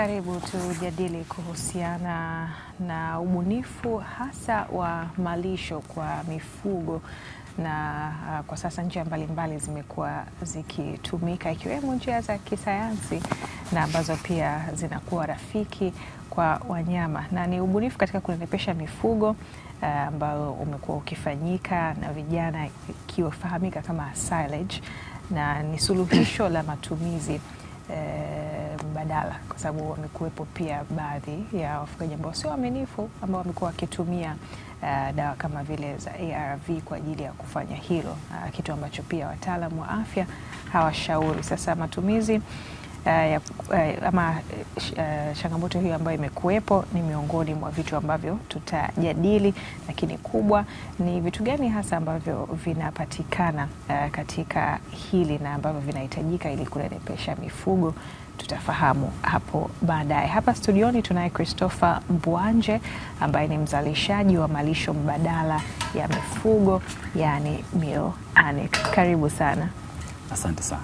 Karibu tujadili kuhusiana na ubunifu hasa wa malisho kwa mifugo na uh, kwa sasa njia mbalimbali zimekuwa zikitumika ikiwemo njia za kisayansi na ambazo pia zinakuwa rafiki kwa wanyama na ni ubunifu katika kunenepesha mifugo uh, ambao umekuwa ukifanyika na vijana ikiwafahamika kama silage, na ni suluhisho la matumizi uh, mbadala, kwa sababu wamekuwepo pia baadhi ya wafugaji ambao sio waaminifu ambao wamekuwa wakitumia uh, dawa kama vile za ARV kwa ajili ya kufanya hilo uh, kitu ambacho pia wataalam wa afya hawashauri. Sasa matumizi Uh, ya, uh, ama uh, changamoto hiyo ambayo imekuwepo ni miongoni mwa vitu ambavyo tutajadili, lakini kubwa ni vitu gani hasa ambavyo vinapatikana uh, katika hili na ambavyo vinahitajika ili kunenepesha mifugo tutafahamu hapo baadaye. Hapa studioni tunaye Christopher Mbwanje ambaye ni mzalishaji wa malisho mbadala ya mifugo yani meal annex. Karibu sana. Asante sana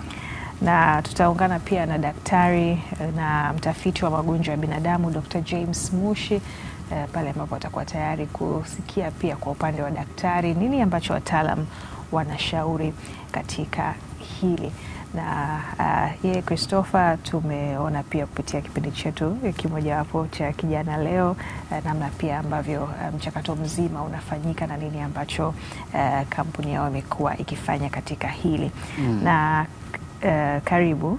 na tutaungana pia na daktari eh, na mtafiti wa magonjwa ya binadamu Dr. James Mushi eh, pale ambapo atakuwa tayari kusikia pia kwa upande wa daktari nini ambacho wataalam wanashauri katika hili na uh, yeye Christopher tumeona pia kupitia kipindi chetu kimojawapo cha Kijana Leo uh, namna pia ambavyo eh, mchakato um, mzima unafanyika na nini ambacho uh, kampuni yao imekuwa ikifanya katika hili mm. na uh, karibu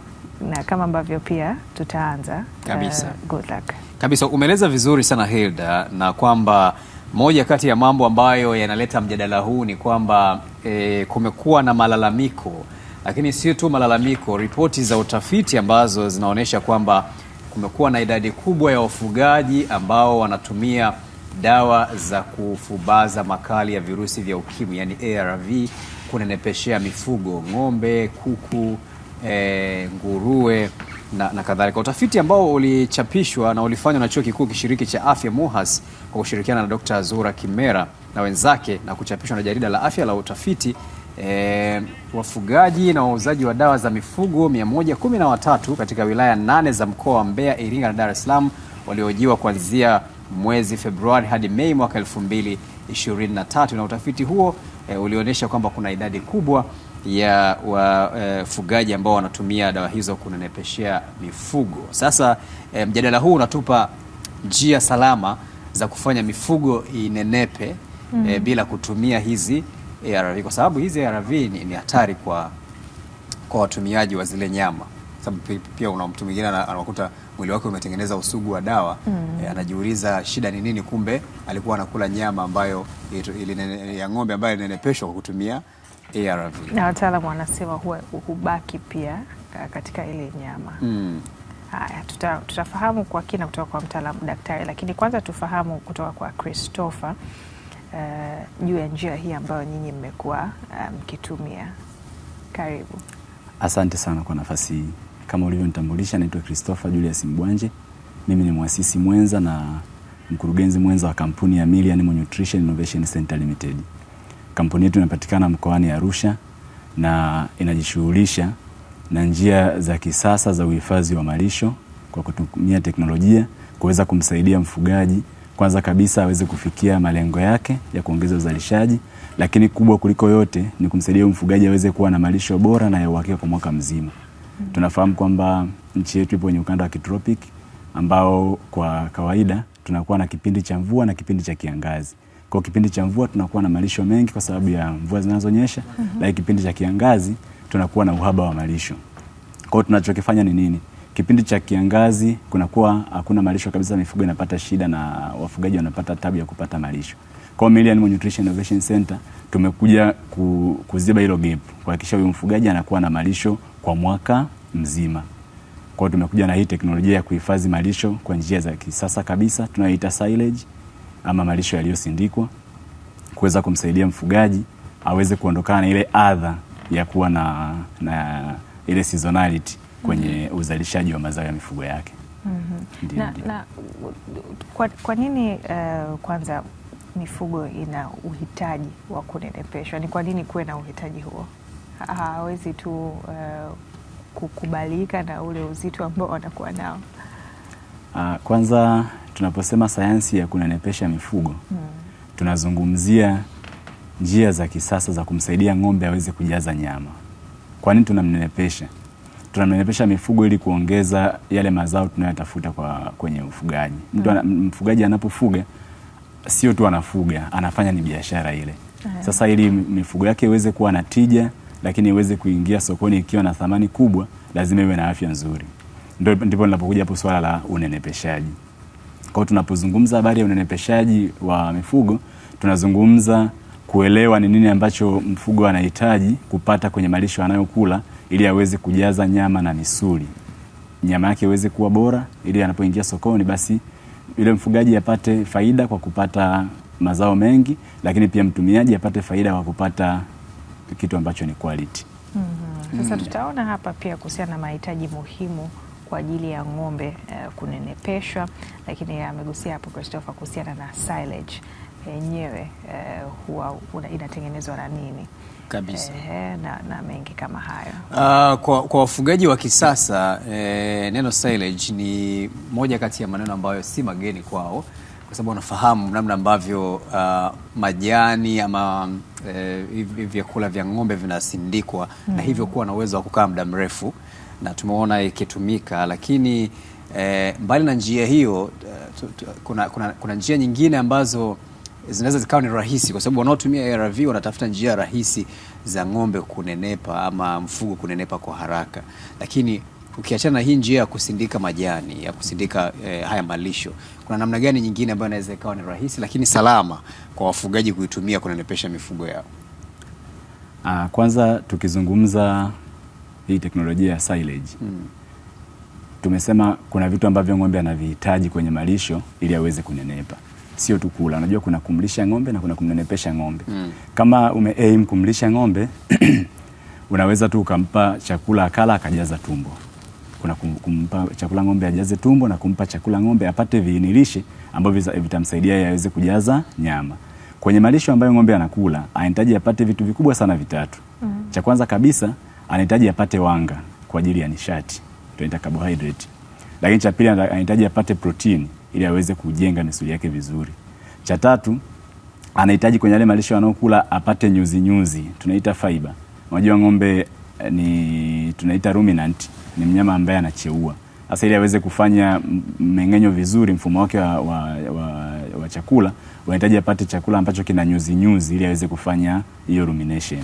na kama ambavyo pia tutaanza kabisa. Uh, good luck kabisa. Umeeleza vizuri sana Hilda, na kwamba moja kati ya mambo ambayo yanaleta mjadala huu ni kwamba eh, kumekuwa na malalamiko lakini sio tu malalamiko, ripoti za utafiti ambazo zinaonyesha kwamba kumekuwa na idadi kubwa ya wafugaji ambao wanatumia dawa za kufubaza makali ya virusi vya ukimwi, yani ARV, kunenepeshea mifugo, ng'ombe, kuku, e, nguruwe na, na kadhalika. Utafiti ambao ulichapishwa na ulifanywa na chuo kikuu kishiriki cha afya MUHAS kwa kushirikiana na Dr. Zura Kimera na wenzake na kuchapishwa na jarida la afya la utafiti e, wafugaji na wauzaji wa dawa za mifugo 113 katika wilaya nane za mkoa wa Mbeya, Iringa na Dar es Salaam waliohojiwa kuanzia mwezi Februari hadi Mei mwaka 2023 na utafiti huo e, ulionyesha kwamba kuna idadi kubwa ya wafugaji e, ambao wanatumia dawa hizo kunenepeshea mifugo. Sasa e, mjadala huu unatupa njia salama za kufanya mifugo inenepe mm. e, mm-hmm. bila kutumia hizi ARV kwa sababu hizi ARV ni, ni hatari kwa, kwa watumiaji wa zile nyama sababu pia una mtu mwingine anakuta mwili wake umetengeneza usugu wa dawa mm. E, anajiuliza shida ni nini? Kumbe alikuwa anakula nyama ambayo ya ng'ombe ambayo inenepeshwa kwa kutumia ARV, na wataalamu wanasema huwa hubaki pia eh, katika ile nyama mm. Haya, tuta, tutafahamu kwa kina kutoka kwa mtaalamu daktari, lakini kwanza tufahamu kutoka kwa Christopher Eh, juu uh, ya njia hii ambayo nyinyi mmekuwa eh, mkitumia. Um, karibu. Asante sana kwa nafasi hii. Kama ulivyonitambulisha, naitwa Christopher Julius Mbwanje. Mimi ni mwasisi mwenza na mkurugenzi mwenza wa kampuni ya Millie Nutrition Innovation Center Limited. Kampuni yetu inapatikana mkoani Arusha na inajishughulisha na njia za kisasa za uhifadhi wa malisho kwa kutumia teknolojia kuweza kumsaidia mfugaji kwanza kabisa aweze kufikia malengo yake ya kuongeza uzalishaji, lakini kubwa kuliko yote ni kumsaidia mfugaji aweze kuwa na malisho bora na ya uhakika kwa mwaka mzima. Mm -hmm. Tunafahamu kwamba nchi yetu ipo kwenye ukanda wa kitropik ambao kwa kawaida tunakuwa na kipindi cha mvua na kipindi cha kiangazi. Kwa kipindi cha mvua tunakuwa na malisho mengi kwa sababu ya mvua zinazonyesha, mm -hmm. Lakini kipindi cha kiangazi tunakuwa na uhaba wa malisho. Kwa hiyo tunachokifanya ni nini? Kipindi cha kiangazi kunakuwa hakuna malisho kabisa, mifugo inapata shida na wafugaji wanapata tabu ya kupata malisho. Kwa Million Nutrition Innovation Center tumekuja kuziba hilo gap, kuhakikisha huyo mfugaji anakuwa na malisho kwa mwaka mzima. Kwa hiyo tumekuja na hii teknolojia ya kuhifadhi malisho kwa njia za kisasa kabisa tunayoita silage ama malisho yaliyosindikwa kuweza kumsaidia mfugaji aweze kuondokana na ile adha ya kuwa na, na ile seasonality kwenye uzalishaji wa mazao ya mifugo yake. mm -hmm. na, Na, kwa, kwa nini uh, kwanza mifugo ina uhitaji wa kunenepeshwa? Ni kwa nini kuwe na uhitaji huo? hawezi tu uh, kukubalika na ule uzito ambao wanakuwa nao. Uh, kwanza tunaposema sayansi ya kunenepesha mifugo mm. tunazungumzia njia za kisasa za kumsaidia ng'ombe aweze kujaza nyama. Kwa nini tunamnenepesha? tunamenepesha mifugo ili kuongeza yale mazao tunayotafuta kwa kwenye ufugaji. Mtu mm. mfugaji anapofuga sio tu anafuga, anafanya ni biashara ile. Sasa ili mifugo yake iweze kuwa na tija, lakini iweze kuingia sokoni ikiwa na thamani kubwa, lazima iwe na afya nzuri. Ndio ndipo linapokuja hapo swala la unenepeshaji. Kwa hiyo tunapozungumza habari ya unenepeshaji wa mifugo, tunazungumza kuelewa ni nini ambacho mfugo anahitaji kupata kwenye malisho anayokula ili aweze kujaza nyama na misuli, nyama yake iweze kuwa bora, ili anapoingia sokoni, basi yule mfugaji apate faida kwa kupata mazao mengi, lakini pia mtumiaji apate faida kwa kupata kitu ambacho ni quality. Mm -hmm. Sasa tutaona hapa pia kuhusiana na mahitaji muhimu kwa ajili ya ng'ombe uh, kunenepeshwa, lakini amegusia hapo Christopher kuhusiana na silage eh, yenyewe uh, huwa inatengenezwa na nini? kabisa eh, na, na mengi kama hayo. Uh, kwa, kwa wafugaji wa kisasa eh, neno silage ni moja kati ya maneno ambayo si mageni kwao kwa sababu wanafahamu namna ambavyo uh, majani ama uh, vyakula vya ng'ombe vinasindikwa mm. na hivyo mm. kuwa na uwezo wa kukaa muda mrefu na tumeona ikitumika, lakini eh, mbali na njia hiyo uh, kuna, kuna, kuna njia nyingine ambazo zinaweza zikawa ni rahisi, kwa sababu wanaotumia ARV wanatafuta njia rahisi za ng'ombe kunenepa ama mfugo kunenepa kwa haraka, lakini ukiachana na hii njia ya kusindika majani ya kusindika eh, haya malisho, kuna namna gani nyingine ambayo inaweza ikawa ni rahisi lakini salama kwa wafugaji kuitumia kunenepesha mifugo yao? Aa, ah, kwanza tukizungumza hii teknolojia ya silage hmm, tumesema kuna vitu ambavyo ng'ombe anavihitaji kwenye malisho ili aweze kunenepa sio tu kula, unajua kuna kumlisha ng'ombe na kuna kumnenepesha ng'ombe mm. Kama ume aim kumlisha ng'ombe unaweza tu ukampa chakula akala akajaza tumbo. Kuna kumpa chakula ng'ombe ajaze tumbo na kumpa chakula ng'ombe apate viinilishi ambavyo vitamsaidia yeye aweze kujaza nyama. Kwenye malisho ambayo ng'ombe anakula anahitaji apate vitu vikubwa sana vitatu. Mm. Cha kwanza kabisa anahitaji apate wanga kwa ajili ya nishati, tunaita carbohydrate. Lakini cha pili anahitaji apate protini ili aweze kujenga misuli yake vizuri. Cha tatu anahitaji kwenye yale malisho wanaokula apate nyuzi nyuzi, tunaita fiber. Unajua ng'ombe eh, ni tunaita ruminant, ni mnyama ambaye anacheua. Sasa ili aweze kufanya mmeng'enyo vizuri, mfumo wake wa, wa, wa, wa chakula unahitaji apate chakula ambacho kina nyuzi nyuzi ili aweze kufanya hiyo rumination.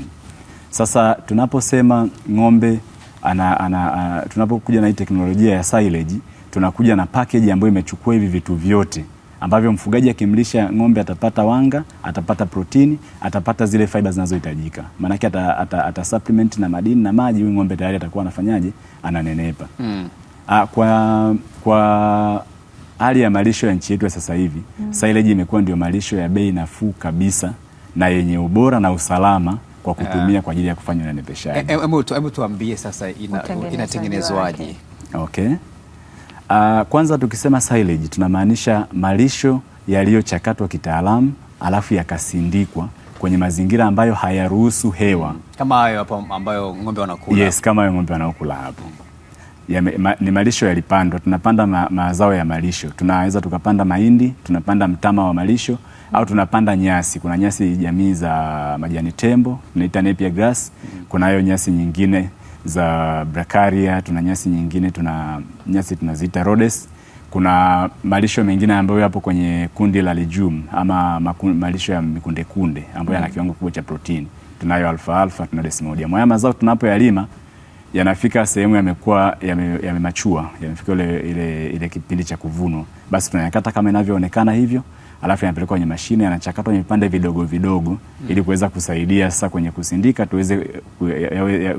Sasa tunaposema ng'ombe ana, ana, ana, tunapokuja na hii teknolojia ya silage tunakuja na package ambayo imechukua hivi vitu vyote ambavyo mfugaji akimlisha ng'ombe atapata wanga, atapata protini, atapata zile fiber zinazohitajika. Maana yake ata, ata, ata supplement na madini na maji, huyu ng'ombe tayari atakuwa anafanyaje? Ananenepa. Mm. A, ah, kwa kwa hali ya malisho ya nchi yetu ya sasa hivi, mm. silage imekuwa ndio malisho ya bei nafuu kabisa na yenye ubora na usalama kwa eh. kutumia kwa ajili ya kufanya unenepeshaji. E, e, hebu tuambie sasa inatengenezwaje? okay. Uh, kwanza tukisema silage tunamaanisha malisho yaliyochakatwa kitaalamu alafu yakasindikwa kwenye mazingira ambayo hayaruhusu hewa kama hayo hapo ambayo ng'ombe wanakula. Yes, kama hayo ng'ombe wanaokula hapo. Ya, ma, ni malisho yalipandwa. Tunapanda ma, mazao ya malisho. Tunaweza tukapanda mahindi, tunapanda mtama wa malisho mm. au tunapanda nyasi. Kuna nyasi jamii za majani tembo, tunaita napier grass. Mm. Kuna hayo nyasi nyingine za brakaria, tuna nyasi nyingine, tuna nyasi tunaziita rhodes. Kuna malisho mengine ambayo yapo kwenye kundi la legume ama malisho ya mikundekunde ambayo yana mm. kiwango kubwa cha protini. Tunayo alfa alfa, tuna desmodium. Haya mazao tunapoyalima yanafika sehemu yamekuwa yamemachua, yame yamefika ile ile kipindi cha kuvunwa, basi tunayakata kama inavyoonekana hivyo alafu yanapelekwa kwenye mashine, yanachakatwa kwenye vipande vidogo vidogo mm. ili kuweza kusaidia sasa kwenye kusindika tuweze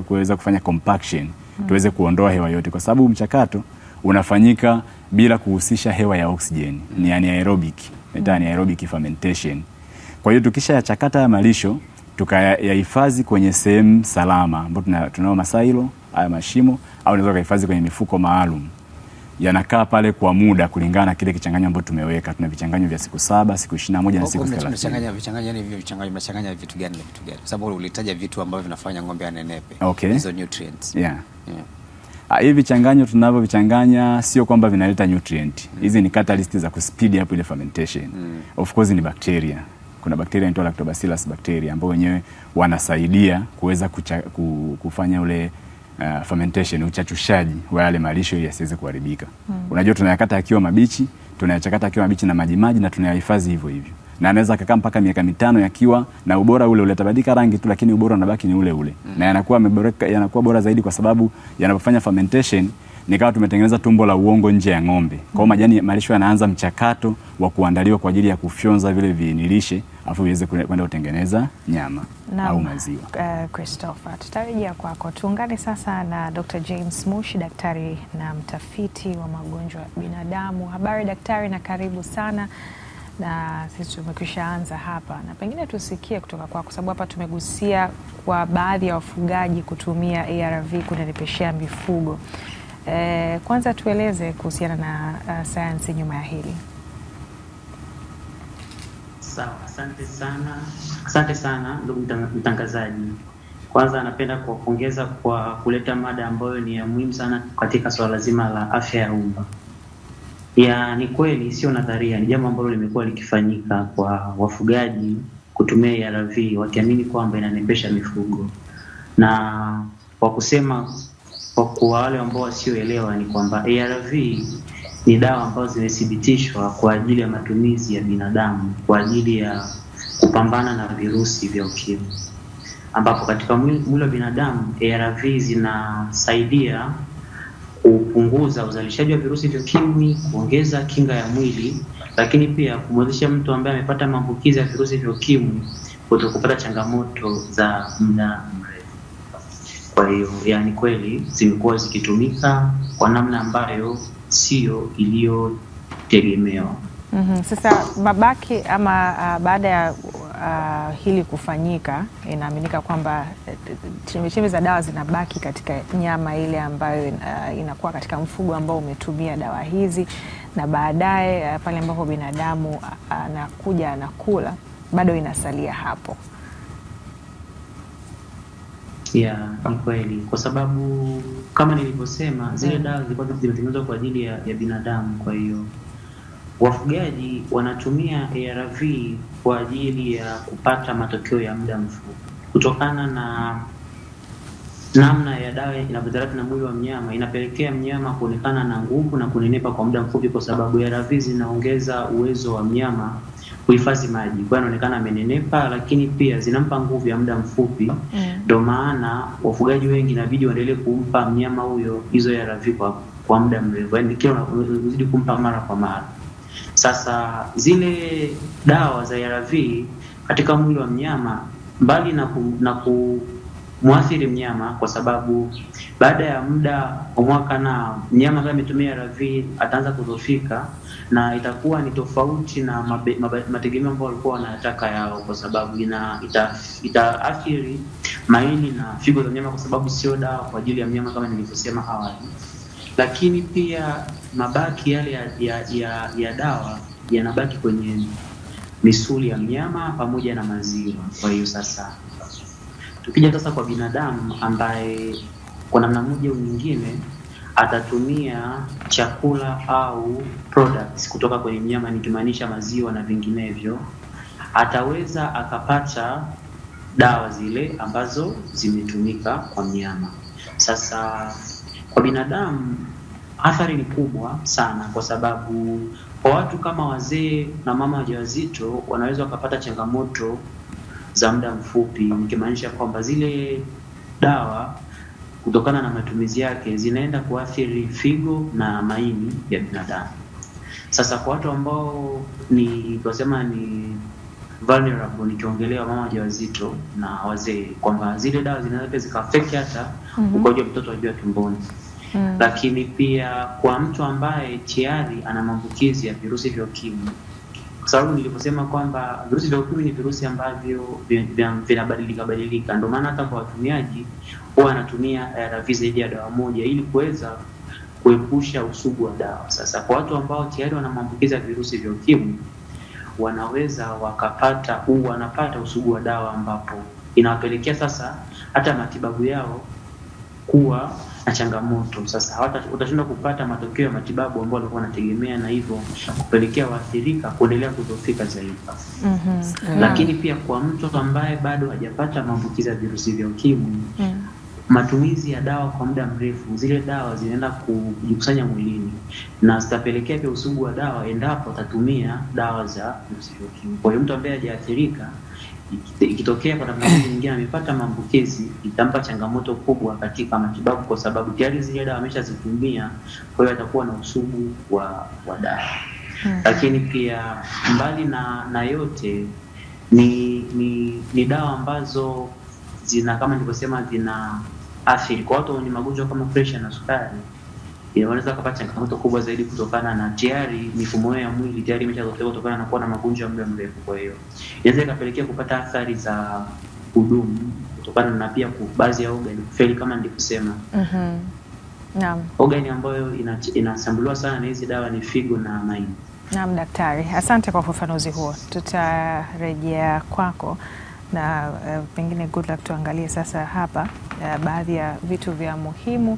kuweza kufanya compaction mm. tuweze kuondoa hewa yote, kwa sababu mchakato unafanyika bila kuhusisha hewa ya oxygen, hmm. ni aerobic mm. ni hmm. aerobic fermentation. Kwa hiyo yachakata ya malisho tukayahifadhi kwenye sehemu salama ambapo tunao masailo haya mashimo, au unaweza kuhifadhi kwenye mifuko maalum yanakaa pale kwa muda kulingana na kile kichanganyo ambacho tumeweka. Tuna vichanganyo vya siku saba, siku 21 na siku 30. Tunachanganya vichanganyo ni hivyo vichanganyo mnachanganya vitu gani na vitu gani? Kwa sababu ulitaja vitu ambavyo vinafanya ng'ombe anenepe. Okay. Hizo nutrients. Yeah. Yeah. Ah, hivi vichanganyo tunavyovichanganya sio kwamba vinaleta nutrient. Mm. Hizi mm. ni catalyst za kuspeed up ile fermentation. Mm. Of course ni bacteria. Kuna bacteria inaitwa Lactobacillus bacteria ambao wenyewe wanasaidia kuweza kufanya ule uh, fermentation, uchachushaji wa yale malisho ili yasiweze kuharibika. Mm. Unajua tunayakata akiwa mabichi, tunayachakata akiwa mabichi na maji maji na tunayahifadhi hivyo hivyo. Na anaweza akakaa mpaka miaka mitano yakiwa na ubora ule ule, atabadilika rangi tu, lakini ubora unabaki ni ule ule. Mm. Na yanakuwa yameboreka, yanakuwa bora zaidi kwa sababu yanapofanya fermentation nikawa tumetengeneza tumbo la uongo nje ya ng'ombe. Kwa hiyo mm. majani malisho yanaanza mchakato wa kuandaliwa kwa ajili ya kufyonza vile viinilishe afu viweze kwenda kutengeneza nyama na au maziwa. Uh, Christopher, tutarejea kwako. Tuungane sasa na Dr. James Mushi, daktari na mtafiti wa magonjwa ya binadamu. Habari daktari, na karibu sana na sisi tumekwisha anza hapa, na pengine tusikie kutoka kwako, sababu hapa tumegusia kwa baadhi ya wafugaji kutumia ARV kunenepeshea mifugo. E, kwanza tueleze kuhusiana na uh, sayansi nyuma ya hili. Sawa, asante sana, asante sana ndugu mtangazaji. Kwanza napenda kuwapongeza kwa kuleta mada ambayo ni ya muhimu sana katika swala zima la afya ya umma. Ya ni kweli, sio nadharia, ni jambo ambalo limekuwa likifanyika kwa wafugaji kutumia ARV wakiamini kwamba inanepesha mifugo na kwa kusema kwa wale ambao wasioelewa ni kwamba ARV ni dawa ambazo zimethibitishwa kwa ajili ya matumizi ya binadamu kwa ajili ya kupambana na virusi vya ukimwi, ambapo katika mwili wa binadamu ARV zinasaidia kupunguza uzalishaji wa virusi vya ukimwi, kuongeza kinga ya mwili, lakini pia kumwezesha mtu ambaye amepata maambukizi ya virusi vya ukimwi kuto kupata changamoto za muda kwa hiyo yani, kweli zimekuwa zikitumika kwa namna ambayo sio iliyotegemewa. Mm -hmm. Sasa mabaki ama uh, baada ya uh, hili kufanyika, inaaminika kwamba chembechembe eh, za dawa zinabaki katika nyama ile ambayo uh, inakuwa katika mfugo ambao umetumia dawa hizi, na baadaye uh, pale ambapo binadamu anakuja uh, anakula, bado inasalia hapo. Ya, ni kweli kwa sababu kama nilivyosema zile hmm. dawa zilikuwa zimetengenezwa kwa ajili ya, ya binadamu. Kwa hiyo wafugaji wanatumia ARV kwa ajili ya kupata matokeo ya muda mfupi kutokana na namna ya dawa inavyotherapy na mwili wa mnyama inapelekea mnyama kuonekana na nguvu na kunenepa kwa muda mfupi, kwa sababu ARV zinaongeza uwezo wa mnyama kuhifadhi maji, kwa hiyo inaonekana amenenepa, lakini pia zinampa nguvu ya muda mfupi mm. ndio yeah. Maana wafugaji wengi inabidi waendelee kumpa mnyama huyo hizo ARV kwa, kwa muda mrefu, yaani kila unazidi kumpa mara kwa mara. Sasa zile dawa za ARV katika mwili wa mnyama mbali na, ku, na ku, kumwathiri mnyama, kwa sababu baada ya muda wa mwaka na mnyama kama ametumia ARV ataanza kudhoofika na itakuwa ni tofauti na mategemeo ambayo walikuwa wanataka yao, kwa sababu ina itaathiri ita maini na figo za mnyama, kwa sababu sio dawa kwa ajili ya mnyama kama nilivyosema awali. Lakini pia mabaki yale ya, ya, ya, ya dawa yanabaki kwenye misuli ya mnyama pamoja na maziwa. Kwa hiyo sasa tukija sasa kwa binadamu ambaye kwa namna moja au nyingine atatumia chakula au products kutoka kwenye mnyama, nikimaanisha maziwa na vinginevyo, ataweza akapata dawa zile ambazo zimetumika kwa mnyama. Sasa kwa binadamu athari ni kubwa sana, kwa sababu kwa watu kama wazee na mama wajawazito wanaweza wakapata changamoto za muda mfupi, nikimaanisha kwamba zile dawa kutokana na matumizi yake zinaenda kuathiri figo na maini ya binadamu. Sasa kwa watu ambao ni tunasema ni vulnerable, nikiongelea mama wajawazito na wazee, kwamba zile dawa zinaweza zikaafekti hata mm -hmm. ukoja mtoto ajua tumboni mm -hmm. lakini pia kwa mtu ambaye tayari ana maambukizi ya virusi vya ukimwi kwa sababu nilivyosema kwamba virusi vya ukimwi ni virusi ambavyo vinabadilika badilika. Ndio maana hata kwa watumiaji huwa anatumia eh, ARV zaidi ya dawa moja ili kuweza kuepusha usugu wa dawa. Sasa kwa watu ambao tayari wana maambukizi ya virusi vya ukimwi wanaweza wakapata u wanapata usugu wa dawa ambapo inawapelekea sasa hata matibabu yao kuwa na changamoto. Sasa utashindwa kupata matokeo ya matibabu ambayo walikuwa wanategemea, na hivyo kupelekea waathirika kuendelea kudhoofika zaidi. mm -hmm. Lakini pia kwa mtu ambaye bado hajapata maambukizi ya virusi vya ukimwi mm -hmm matumizi ya dawa kwa muda mrefu, zile dawa zinaenda kujikusanya mwilini na zitapelekea pia usugu wa dawa endapo atatumia dawa za virusi vya ukimwi. Kwa hiyo mtu ambaye hajaathirika ikitokea kwa namna nyingine amepata maambukizi, itampa changamoto kubwa katika matibabu, kwa sababu tayari zile dawa ameshazitumia, kwa hiyo atakuwa na usugu wa, wa dawa hmm. Lakini pia mbali na, na yote ni, ni, ni dawa ambazo zina kama nilivyosema zina athiri kwa watu wenye magonjwa kama presha na sukari inaweza kupata changamoto kubwa zaidi kutokana na tayari mifumo ya mwili tayari imeshazotea kutokana na kuwa na magonjwa ya muda mrefu. Kwa hiyo inaweza ikapelekea kupata athari za kudumu kutokana na pia baadhi ya organ kufeli kama nilivyosema. mm -hmm. Naam. Organ ambayo inasambuliwa sana na hizi dawa ni figo na maini. Naam, daktari, asante kwa ufafanuzi huo, tutarejea kwako na uh, pengine good luck tuangalie sasa hapa uh, baadhi ya vitu vya muhimu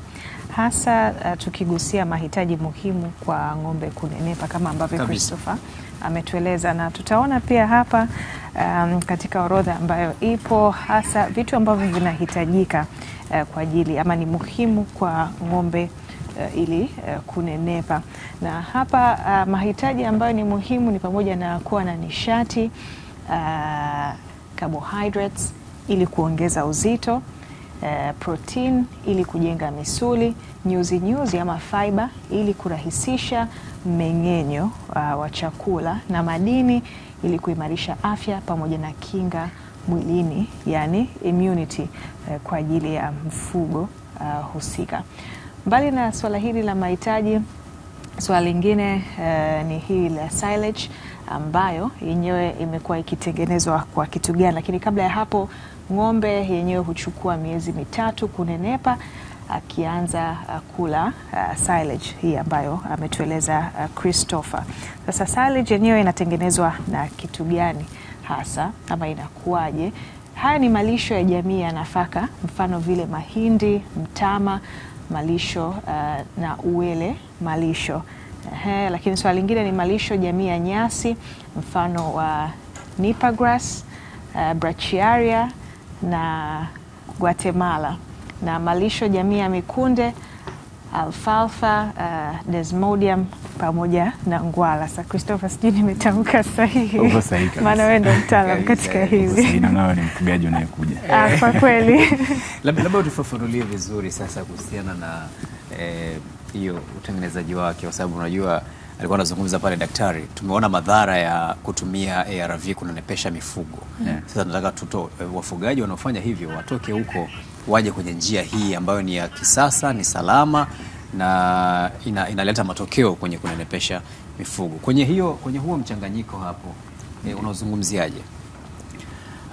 hasa uh, tukigusia mahitaji muhimu kwa ng'ombe kunenepa kama ambavyo Christopher ametueleza, na tutaona pia hapa um, katika orodha ambayo ipo hasa vitu ambavyo vinahitajika uh, kwa ajili ama ni muhimu kwa ng'ombe Uh, ili uh, kunenepa na hapa uh, mahitaji ambayo ni muhimu ni pamoja na kuwa na nishati uh, carbohydrates ili kuongeza uzito Eh, protein ili kujenga misuli, nyuzi nyuzi ama fiber ili kurahisisha mmeng'enyo uh, wa chakula na madini ili kuimarisha afya pamoja na kinga mwilini, yani immunity uh, kwa ajili ya mfugo uh, husika. Mbali na swala hili la mahitaji, swala lingine uh, ni hili la silage ambayo yenyewe imekuwa ikitengenezwa kwa kitu gani, lakini kabla ya hapo ng'ombe yenyewe huchukua miezi mitatu kunenepa akianza uh, kula uh, silage hii ambayo ametueleza uh, Christopher. Sasa silage yenyewe inatengenezwa na kitu gani hasa ama inakuwaje? Haya ni malisho ya jamii ya nafaka, mfano vile mahindi, mtama malisho uh, na uwele malisho He, eh, lakini swala lingine ni malisho jamii ya nyasi mfano wa Nipah grass, uh, eh, brachiaria na Guatemala na malisho jamii ya mikunde alfalfa, uh, desmodium pamoja na ngwala. Sa Christopher, sijui nimetamka sahihi, maana wewe ndo mtaalam katika hivi na nawe ni mfugaji unayekuja. Ah, kwa kweli labda utufafanulie vizuri sasa kuhusiana na Eh, hiyo e, utengenezaji wake, kwa sababu unajua alikuwa anazungumza pale daktari, tumeona madhara ya kutumia ARV kunanepesha mifugo yeah. Sasa nataka tuto eh, wafugaji wanaofanya hivyo watoke huko waje kwenye njia hii ambayo ni ya kisasa, ni salama na ina, inaleta matokeo kwenye kunenepesha mifugo. Kwenye hiyo kwenye huo mchanganyiko hapo e, unaozungumziaje?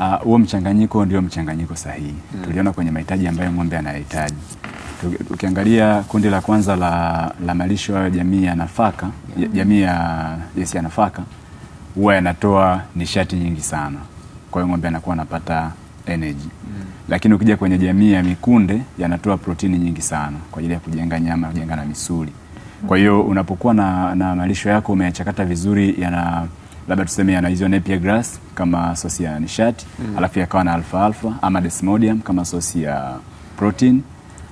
Ah, huo mchanganyiko ndio mchanganyiko sahihi mm. Tuliona kwenye mahitaji ambayo ng'ombe anahitaji Ukiangalia kundi la kwanza la, la malisho ya jamii ya nafaka jamii ya yes, ya nafaka huwa yanatoa nishati nyingi sana, kwa hiyo ng'ombe anakuwa anapata energy mm. Lakini ukija kwenye jamii ya mikunde yanatoa protini nyingi sana kwa ajili ya kujenga nyama, kujenga na misuli. Kwa hiyo unapokuwa na, na malisho yako umeyachakata vizuri, yana labda tuseme yana hizo napier grass kama sosi ya nishati mm. alafu yakawa na alfalfa ama desmodium kama sosi ya protein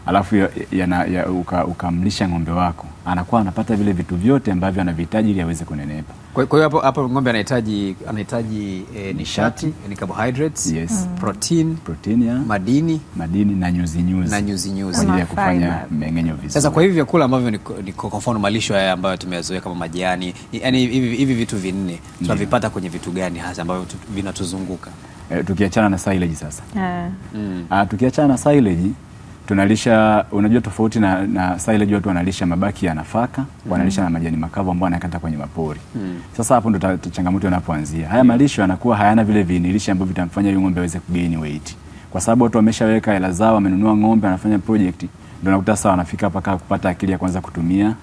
alafu ukamlisha ng'ombe wako, anakuwa anapata vile vitu vyote ambavyo anavihitaji ili aweze kunenepa. Kwa hiyo hapo hapo ng'ombe anahitaji anahitaji eh, nishati ni carbohydrates, yes. mm. protein, protein ya, madini madini na nyuzi nyuzi na nyuzi nyuzi ili kufanya mmeng'enyo vizuri. Sasa kwa hivi vyakula ambavyo ni, ni kwa mfano malisho haya ambayo tumeyazoea kama majani, yani hivi hivi vitu vinne tunavipata kwenye vitu gani hasa ambavyo vinatuzunguka? E, tukiachana na silage sasa. Yeah. Mm. Ah, tukiachana na silage tunalisha unajua, tofauti na, na silage watu wanalisha mabaki ya nafaka mm. wanalisha na majani makavu ambayo anakata kwenye mapori mm. Sasa hapo ndo changamoto inapoanzia. Haya malisho yanakuwa hayana vile viinilishi ambavyo vitamfanya yule ng'ombe aweze kugain weight, kwa sababu watu wameshaweka hela zao, wamenunua ng'ombe, wanafanya project, ndo nakuta sasa wanafika mpaka kupata akili ya kwanza kutumia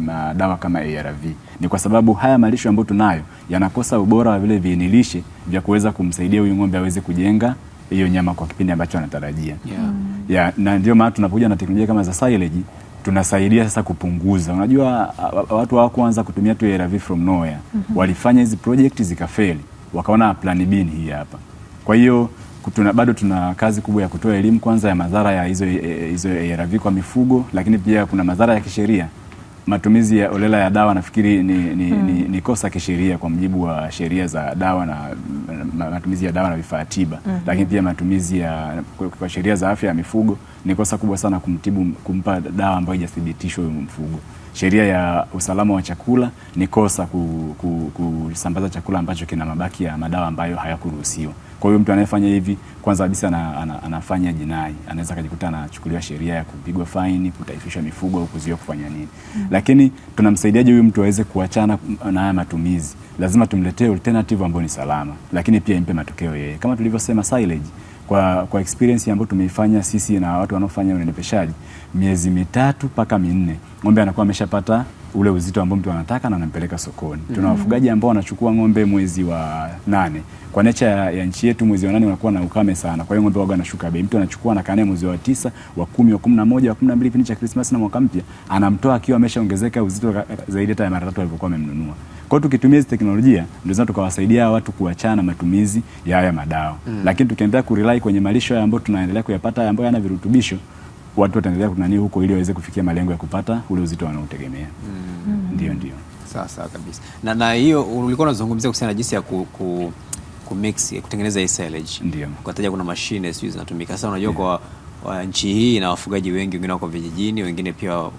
madawa ma kama ARV. Ni kwa sababu haya malisho ambayo tunayo yanakosa ubora wa vile viinilishi vya kuweza kumsaidia huyu ng'ombe aweze kujenga hiyo nyama kwa kipindi ambacho anatarajia yeah. Mm. Yeah, na ndio maana tunapokuja na teknolojia kama za silage tunasaidia sasa kupunguza. Unajua watu hawakuanza kutumia tu ARV from nowhere mm -hmm. Walifanya hizi project zikafeli, wakaona plan B hii hapa. Kwa hiyo tuna, bado tuna kazi kubwa ya kutoa elimu kwanza ya madhara ya hizo e, e, hizo ARV kwa mifugo, lakini pia kuna madhara ya kisheria matumizi ya holela ya dawa nafikiri ni, ni, hmm. ni, ni kosa kisheria kwa mujibu wa sheria za dawa na matumizi ya dawa na vifaa tiba hmm. Lakini pia matumizi ya kwa sheria za afya ya mifugo ni kosa kubwa sana kumtibu, kumpa dawa ambayo haijathibitishwa huyo mfugo. Sheria ya usalama wa chakula ni kosa kusambaza ku, ku, chakula ambacho kina mabaki ya madawa ambayo hayakuruhusiwa. Kwa hiyo mtu anayefanya hivi kwanza kabisa ana, ana, anafanya jinai, anaweza akajikuta anachukuliwa sheria ya kupigwa faini, kutaifisha mifugo au kuzuiwa kufanya nini. Mm. Lakini tunamsaidiaje huyu mtu aweze kuachana na haya matumizi? Lazima tumletee alternative ambayo ni salama, lakini pia impe matokeo yeye, kama tulivyosema silage kwa, kwa experience ambayo tumeifanya sisi na watu wanaofanya unenepeshaji, miezi mitatu mpaka minne ng'ombe anakuwa ameshapata ule uzito ambao mtu anataka na anampeleka sokoni. Tuna mm -hmm. wafugaji ambao wanachukua ng'ombe mwezi wa nane. Kwa necha ya nchi yetu mwezi wa nane unakuwa na ukame sana. Kwa hiyo ng'ombe waga anashuka bei. Mtu anachukua na kanae mwezi wa tisa, wa kumi, wa kumi na moja, wa kumi na mbili kipindi cha Krismasi na mwaka mpya, anamtoa akiwa ameshaongezeka uzito zaidi hata ya mara tatu alivyokuwa amemnunua. Kwa hiyo tukitumia hizi teknolojia ndio zinaweza tukawasaidia watu kuachana matumizi ya haya madawa. Mm. Lakini tukiendelea kurely kwenye malisho ambayo tunaendelea kuyapata ambayo yana virutubisho watu wataendelea kunani huko ili waweze kufikia malengo ya kupata ule uzito wanaotegemea. Mm. Ndio, ndio. Sawa sawa kabisa. Na na hiyo ulikuwa unazungumzia kuhusiana na jinsi ya ku, ku kumix ya kutengeneza hii silage. Ndio. Ukataja kuna mashine sijui zinatumika. Sasa unajua kwa wa, nchi hii na wafugaji wengi wengine wako vijijini, wengine pia uh,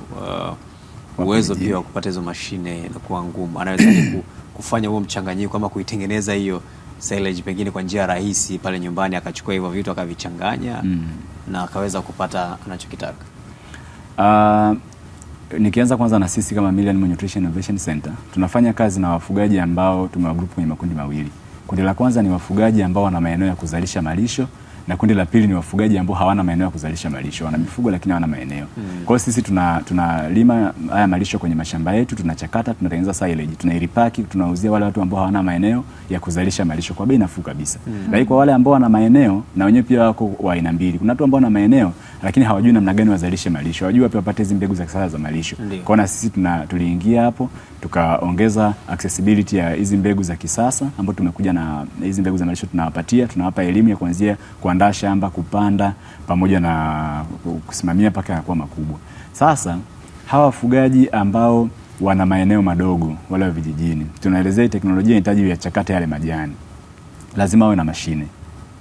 uwezo pia wa kupata hizo mashine inakuwa ngumu. Anaweza kufanya huo mchanganyiko ama kuitengeneza hiyo silage pengine kwa njia rahisi pale nyumbani, akachukua hivyo vitu akavichanganya mm. na akaweza kupata anachokitaka. Uh, nikianza kwanza na sisi kama Million Nutrition Innovation Center tunafanya kazi na wafugaji ambao tumewagrupu kwenye makundi mawili. Kundi la kwanza ni wafugaji ambao wana maeneo ya kuzalisha malisho na kundi la pili ni wafugaji ambao hawana maeneo ya kuzalisha malisho, wana mifugo lakini hawana maeneo mm. Kwa hiyo sisi tunalima tuna haya malisho kwenye mashamba yetu, tunachakata, tunatengeneza silage, tunairipaki, tunauzia wale watu ambao hawana maeneo ya kuzalisha malisho kwa bei nafuu kabisa mm. Lakini kwa wale ambao wana maeneo, na wenyewe pia wako wa aina mbili. Kuna watu ambao wana maeneo lakini hawajui namna gani wazalishe malisho, hawajui wapi wapate hizi mbegu za kisasa za malisho. Kwa na sisi tuna tuliingia hapo tukaongeza accessibility ya hizi mbegu za kisasa ambapo tumekuja na hizi mbegu za malisho tunawapatia, tunawapa elimu ya kuanzia kwa kuandaa shamba, kupanda pamoja na kusimamia mpaka yanakuwa makubwa. Sasa hawa wafugaji ambao wana maeneo madogo, wale wa vijijini, tunaelezea teknolojia inahitaji yachakate yale majani, lazima awe na mashine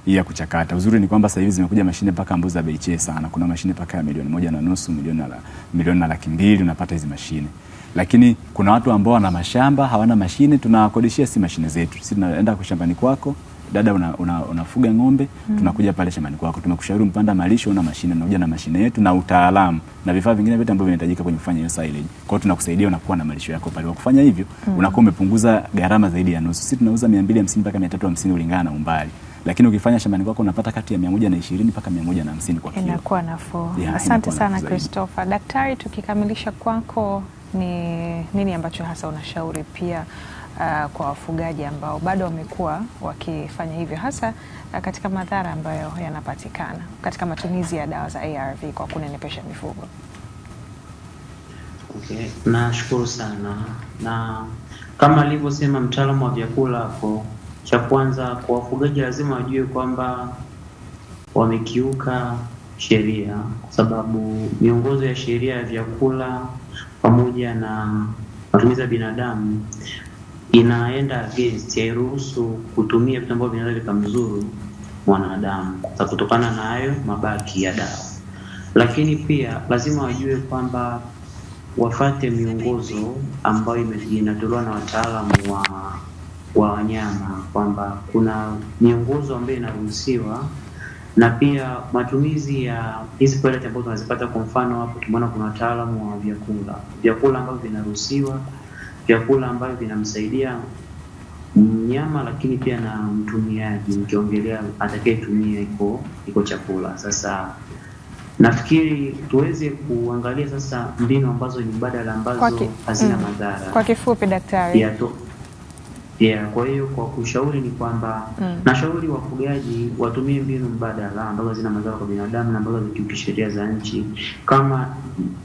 ya kuchakata. Uzuri ni kwamba sasa hivi zimekuja mashine mpaka ambazo za bei chee sana. Kuna mashine mpaka ya milioni moja na nusu, milioni na, milioni na laki mbili unapata hizi mashine. Lakini kuna watu ambao wana mashamba hawana mashine, tunawakodishia si mashine zetu, si tunaenda shambani kwako dada unafuga una, una ng'ombe mm. Tunakuja pale shambani kwako, tumekushauri mpanda malisho na mashine, unakuja na mashine yetu na utaalamu na vifaa vingine vyote ambavyo vinahitajika kwenye kufanya hiyo silage. Kwa hiyo tunakusaidia, unakuwa na malisho yako pale. Kwa kufanya hivyo mm. unakuwa umepunguza gharama zaidi ya nusu. Sisi tunauza 250 mpaka 350 kulingana na umbali lakini ukifanya shambani kwako unapata kati ya 120 mpaka 150 kwa kilo. Inakuwa nafuu. Asante sana Christopher. Daktari, tukikamilisha kwako, ni nini ambacho hasa unashauri pia uh, kwa wafugaji ambao bado wamekuwa wakifanya hivyo hasa uh, katika madhara ambayo yanapatikana katika matumizi ya dawa za ARV kwa kunenepesha mifugo. Okay, nashukuru sana na kama alivyosema mtaalamu wa vyakula hapo, cha kwanza kwa wafugaji lazima wajue kwamba wamekiuka sheria, kwa sababu miongozo ya sheria ya vyakula pamoja na matumizi ya binadamu inaenda against, hairuhusu kutumia vitu ambavyo vinaweza vikamzuru mwanadamu, za kutokana na hayo mabaki ya dawa. Lakini pia lazima wajue kwamba wafate miongozo ambayo inatolewa na wataalamu wa wa wanyama, kwamba kuna miongozo ambayo inaruhusiwa na pia matumizi ya hizi pellet ambazo tunazipata. Kwa mfano, hapo tumeona kuna wataalamu wa vyakula, vyakula ambavyo vinaruhusiwa vyakula ambavyo vinamsaidia mnyama lakini pia na mtumiaji, nikiongelea atakayetumia iko iko chakula. Sasa nafikiri tuweze kuangalia sasa mbinu ambazo ni mbadala ambazo hazina mm. madhara. Kwa kifupi, daktari, Yeah, kwa hiyo kwa kushauri ni kwamba mm. nashauri wafugaji watumie mbinu mbadala ambazo zina madhara kwa binadamu na ambazo zikiuki sheria za nchi, kama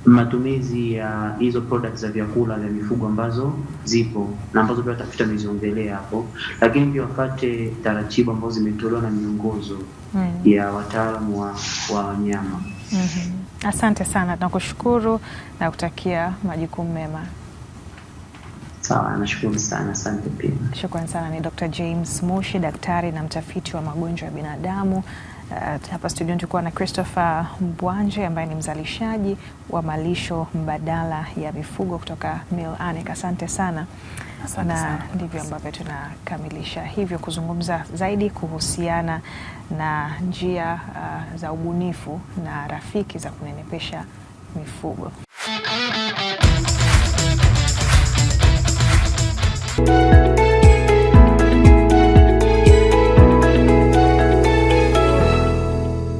matumizi ya uh, hizo products za vyakula vya mifugo ambazo zipo na ambazo pia watafiti wameziongelea hapo, lakini pia wapate taratibu ambazo zimetolewa na miongozo mm. ya wataalamu wa wanyama mm -hmm. Asante sana, nakushukuru na kutakia majukumu mema. Sawa, nashukuru sana, asante pia. Shukrani sana. Ni Dr. James Mushi, daktari na mtafiti wa magonjwa ya binadamu. Uh, hapa studioni tulikuwa na Christopher Mbwanje ambaye ni mzalishaji wa malisho mbadala ya mifugo kutoka Mil Anek. Asante sana. Asante sana. Na ndivyo ambavyo tunakamilisha hivyo kuzungumza zaidi kuhusiana na njia uh, za ubunifu na rafiki za kunenepesha mifugo. Thank you